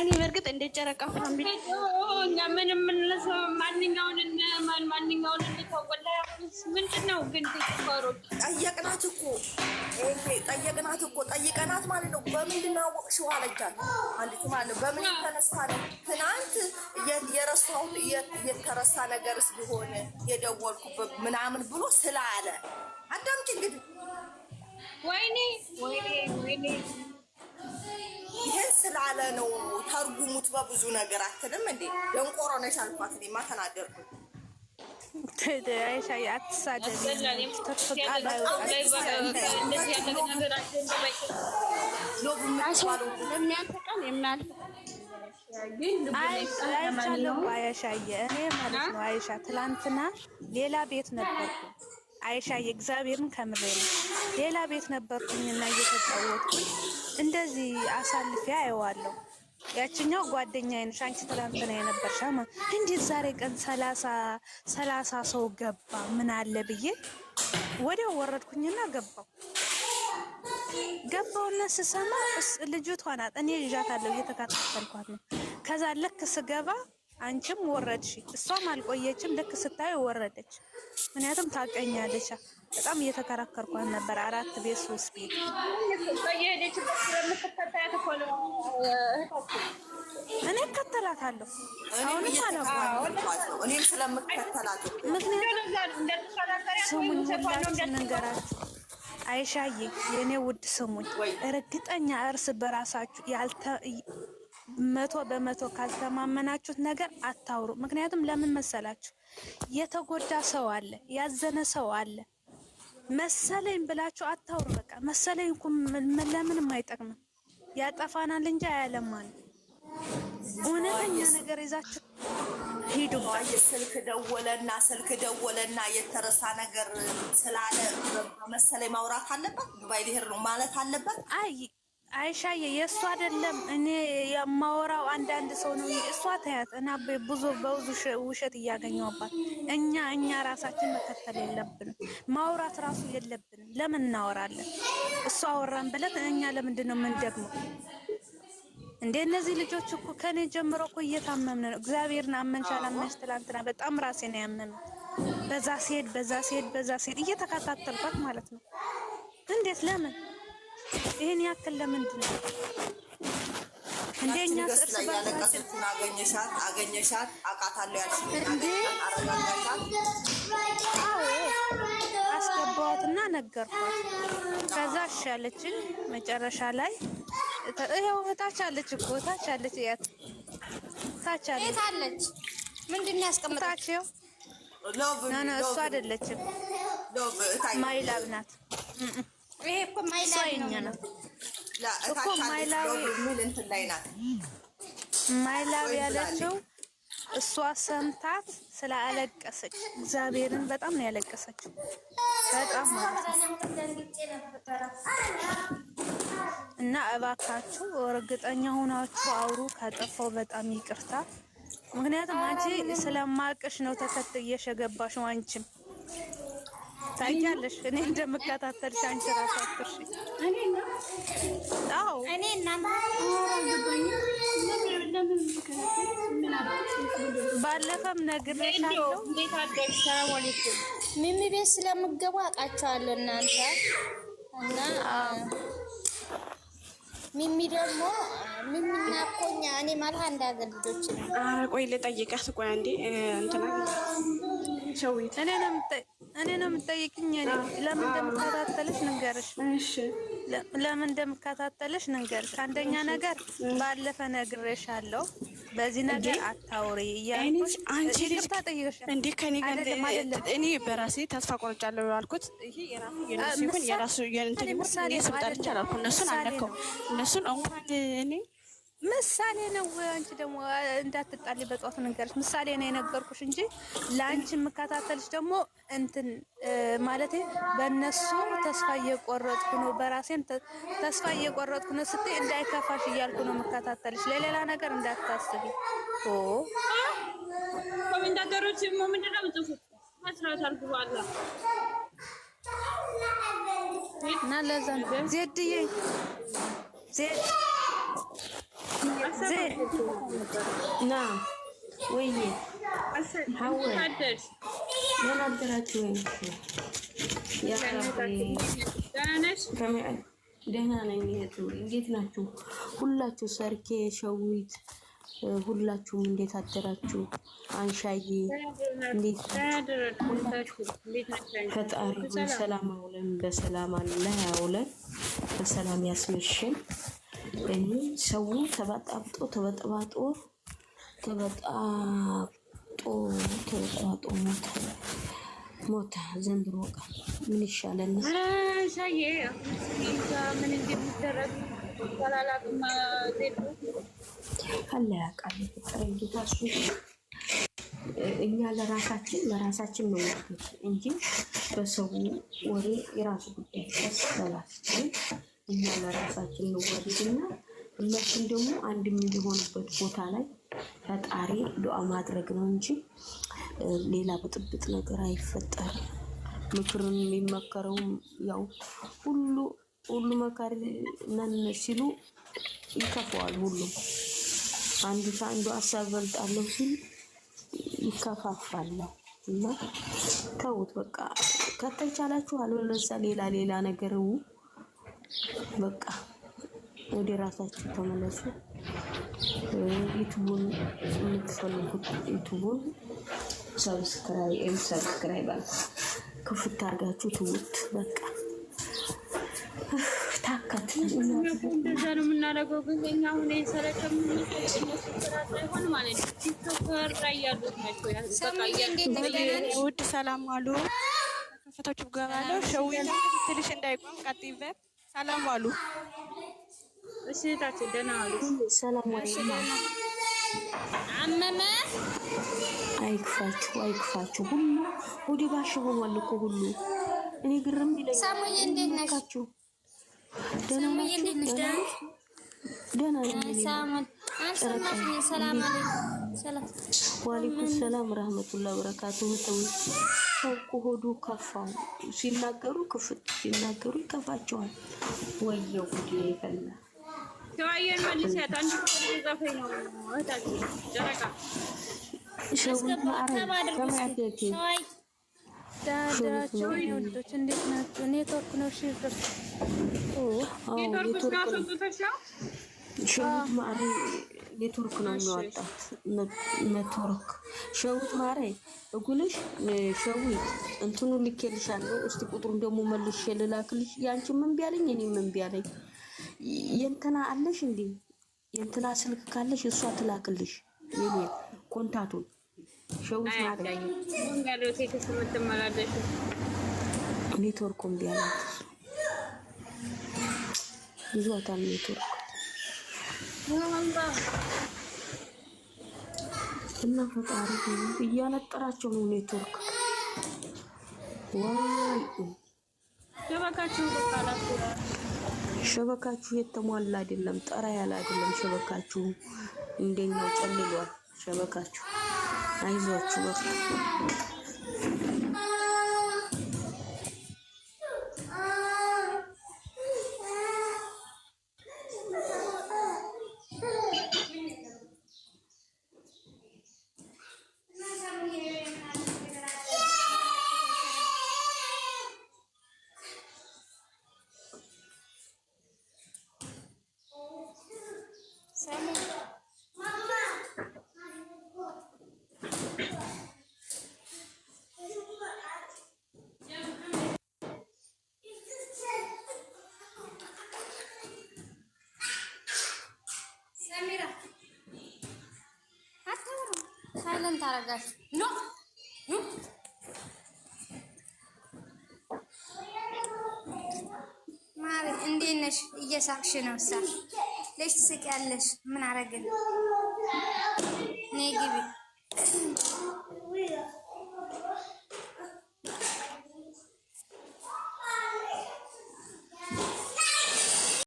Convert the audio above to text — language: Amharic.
እኔ በእርግጥ እንደ ጨረቃ ፋሚ እኛ ምን የምንለሰው ማንኛውን ማንኛውን እንተወላ ምንድን ነው ግን ተቆሮች ጠየቅናት እኮ ጠየቅናት እኮ ጠይቀናት ማለት ነው። በምንድን ነው ያወቅሽው አለቻት። አንዲቱ ማለት ነው በምን የተነሳ ነው ትናንት የረሳሁት የተረሳ ነገርስ ቢሆን የደወልኩበት ምናምን ብሎ ስላለ አዳምጪ እንግዲህ ወይኔ ወይኔ ወይኔ ይህን ስላለ ነው ተርጉሙት በብዙ ነገር አትልም እንዴ? ደንቆሮ ነሽ አልኳት። እኔማ ተናደርኩ። አይሻዬ እኔ ማለት ነው አይሻ ትላንትና ሌላ ቤት ነበርኩ አይሻ የእግዚአብሔርን ከምሬ ነው። ሌላ ቤት ነበርኩኝና እየተጫወትኩኝ እንደዚህ አሳልፌ አየዋለሁ። ያችኛው ጓደኛ ነሽ አንቺ ትላንትና የነበርሽ ሻማ እንዴት ዛሬ ቀን ሰላሳ ሰላሳ ሰው ገባ ምን አለ ብዬ ወዲያው ወረድኩኝና ገባው ገባውና ስሰማ ልጅቷ ናት። እኔ ይዣታለሁ እየተከታተልኳት ነው። ከዛ ልክ ስገባ አንቺም ወረድሽ፣ እሷም አልቆየችም። ልክ ስታዩ ወረደች። ምክንያቱም ታቀኛለች። በጣም እየተከራከርኳት ነበር። አራት ቤት ሶስት ቤት እኔ እከተላታለሁ። አሁንም ስለምከተላት ምክንያቱም ስሙኝ፣ አይሻዬ፣ የእኔ ውድ ስሙኝ፣ እርግጠኛ እርስ በራሳችሁ መቶ በመቶ ካልተማመናችሁት ነገር አታውሩ። ምክንያቱም ለምን መሰላችሁ የተጎዳ ሰው አለ፣ ያዘነ ሰው አለ። መሰለኝ ብላችሁ አታውሩ። በቃ መሰለኝ እኮ ለምንም አይጠቅምም፣ ያጠፋናል እንጂ አያለማል። እውነተኛ ነገር ይዛችሁ ሂዱ። ስልክ ደወለና ስልክ ደወለና የተረሳ ነገር ስላለ መሰለኝ ማውራት አለበት ዱባይ ብሄር ነው ማለት አለበት አይ አይሻዬ የእሱ አይደለም። እኔ የማወራው አንዳንድ ሰው ነው። እሷ ታያት እና ብዙ በብዙ ውሸት እያገኘባት እኛ እኛ ራሳችን መከተል የለብንም ማውራት ራሱ የለብንም። ለምን እናወራለን? እሱ አወራን ብለን እኛ ለምንድን ነው ደግሞ እንደ እነዚህ ልጆች እኮ ከኔ ጀምሮ እኮ እየታመምን ነው። እግዚአብሔርን አመንሽ አላመንሽ፣ ትላንትና በጣም ራሴ ነው ያመመው። በዛ ሲሄድ በዛ ሲሄድ በዛ ሲሄድ እየተከታተልኳት ማለት ነው። እንዴት ለምን ይህን ያክል ለምንድን ነው እንደኛ እርስ በርሳችን አገኘሻት አገኘሻት አቃታለሁ ያልሽኝ አስገባዋትና ነገርኳት። ከዛ እሺ አለችኝ። መጨረሻ ላይ ይኸው ታች አለች እኮ ታች አለች፣ እያት ታች አለች። ምንድን ነው ነው እሷ አይደለችም ማይላብ ናት። ይሄ እኮ ማይላዊ ነው እኮ ማይላዊ ያለችው እሷ ሰምታት ስላለቀሰች እግዚአብሔርን በጣም ነው ያለቀሰችው። በጣም እና እባካችሁ እርግጠኛ ሆናችሁ አውሩ። ከጠፋው በጣም ይቅርታ። ምክንያቱም አንቺ ስለማቅሽ ነው ተከትየሽ የገባሽው አንቺም ታያለሽ እኔ እንደምከታተልሽ አንቺ ራሱ አትርሽ። አዎ እኔ እናንተ ባለፈም ነግሬሻለሁ። ሚሚ ቤት ስለምገቡ አውቃቸዋለሁ እናንተ እና ሚሚ ደግሞ ሚሚና እኮ እኛ እኔ ማለት አንድ አገር ልጆች ነው። ቆይ ልጠይቃት። ቆይ አንዴ እንትና አንቺው እኔ ነው እኔ ነው የምጠይቅኝ። ለምን እንደምከታተልሽ ንገርሽ። ለምን እንደምከታተልሽ ንገርሽ። አንደኛ ነገር ባለፈ ነግሬሻለሁ፣ በዚህ ነገር አታውሪ እያልኩሽ አንቺ ልጅ ታጠይቅሽ እንዴ? ከኔ ጋር እኔ በራሴ ተስፋ ቆርጫለሁ ያልኩት ይሄ የራሱ የራሱ የራሱ የራሱ የራሱ የራሱ የራሱ የራሱ የራሱ የራሱ ምሳሌ ነው። አንቺ ደግሞ እንዳትጣሊ በጧት ነገርሽ ምሳሌ ነው የነገርኩሽ እንጂ ለአንቺ የምከታተልሽ ደግሞ እንትን ማለት በእነሱ ተስፋ እየቆረጥኩ ነው፣ በራሴም ተስፋ እየቆረጥኩ ነው ስትይ እንዳይከፋሽ እያልኩ ነው የምከታተልሽ። ለሌላ ነገር እንዳታስቢ። ኦ ኮሜንታተሮች ሞ ምንድን ነው የምጽፉት? መስራታል ጉባላ እና ለዛ ዜድዬ ዜድ ና ወይ አደራችሁ ወይ? ደህና ነኝ። እንዴት ናችሁ ሁላችሁ? ሰርኬ ሸዊት ሁላችሁም እንዴት አደራችሁ? አንሻዬ እንዴት ፈጣሪ ሰላም አውለን፣ በሰላም አለ ያውለን፣ በሰላም ያስመሽን። በሚል ሰው ተበጣብጦ ተበጠባጦ ተበጣብጦ ሞተ ሞተ። ዘንድሮ ቃል ምን ይሻለና ሻዬ ምን እንደሚደረግ እሱ እኛ ለራሳችን ለራሳችን መወደድ እንጂ በሰው ወሬ የራሱ ጉዳይ እኛ ለራሳችን እንዋደድና እነሱም ደግሞ አንድ የሚሆኑበት ቦታ ላይ ፈጣሪ ዱዓ ማድረግ ነው እንጂ ሌላ ብጥብጥ ነገር አይፈጠርም። ምክርን የሚመከረውም ያው ሁሉ ሁሉ መካሪ ነን ሲሉ ይከፋዋል። ሁሉም አንዱ ከአንዱ ሀሳብ በልጣለሁ ሲል ይከፋፋል። እና ተውት በቃ ከተቻላችሁ አልሆነ እዛ ሌላ ሌላ ነገርው በቃ ወደ ራሳችሁ ተመለሱ። ዩቱቡን የምትፈልጉት ዩቱቡን ሰብስክራይብ ሰብስክራይብ አለ ክፍት አድርጋችሁ ትውት በቃ ታከት እንደዛ ነው የምናደርገው። ግን እኛ አሁን የሰረከም ሆን ማለት ነው ቲክቶከር ላይ ያሉት ናቸው። ውድ ሰላም አሉ ከፍቶች ገባለው ሸዊ ትልሽ እንዳይቆም ቀጥይበት ሰላም ዋሉ። እሺ ታችን ደህና ዋሉ። ሰላም ዋሉ። አመመ አይክፋችሁ፣ አይክፋችሁ። ሁሉ ወደ ባሽ ሆኗል እኮ ሁሉ። እኔ ግርም ይለኛል። ሰሙዬ እንዴት ናችሁ? ደህና ናችሁ? ደህና ነኝ። ሰላም አለይኩም። ወአለይኩም ሰላም ረህመቱላህ በረካቱሁ። ሰው እኮ ሆዱ ከፋው ሲናገሩ ክፍት ሲናገሩ ይከፋቸዋል። ወየው ጉድ ይፈላ ተዋየን መልስ ያታንሽ ዘፈኝ ነው ወታጅ ጀረቃ ሸውት ማረግ ኔትወርክ ነው ኔትወርክ ነው ኔትወርክ ነው የሚወጣት ኔትወርክ ሸዊት ማሬ እጉልሽ ሸዊት እንትኑ ልኬልሻለሁ። እስቲ ቁጥሩን ደግሞ መልሼ ልላክልሽ። ያንቺ ምን ቢያለኝ እኔ ምን ቢያለኝ የእንትና አለሽ እንዴ? የእንትና ስልክ ካለሽ እሷ ትላክልሽ። የኔ ኮንታቱን ሸዊት ማሬ ኔትወርኩም ቢያላት ብዙ አታል ኔትወርክ እና ፈጣሪ እያነጠራቸው ነው ኔትወርክ ዋይ ሸበካችሁ የተሟላ አይደለም፣ ጠራ ያለ አይደለም። ሸበካችሁ እንደኛው ጨልሏል። ሸበካችሁ አይዟችሁ በርቱ። ምን ታደርጋችሁ? ኖ ማሪ እንዴት ነሽ? እየሳቅሽ ነው። ሳ ልጅ ትስቂያለሽ። ምን አደረግን? ነይ ግቢ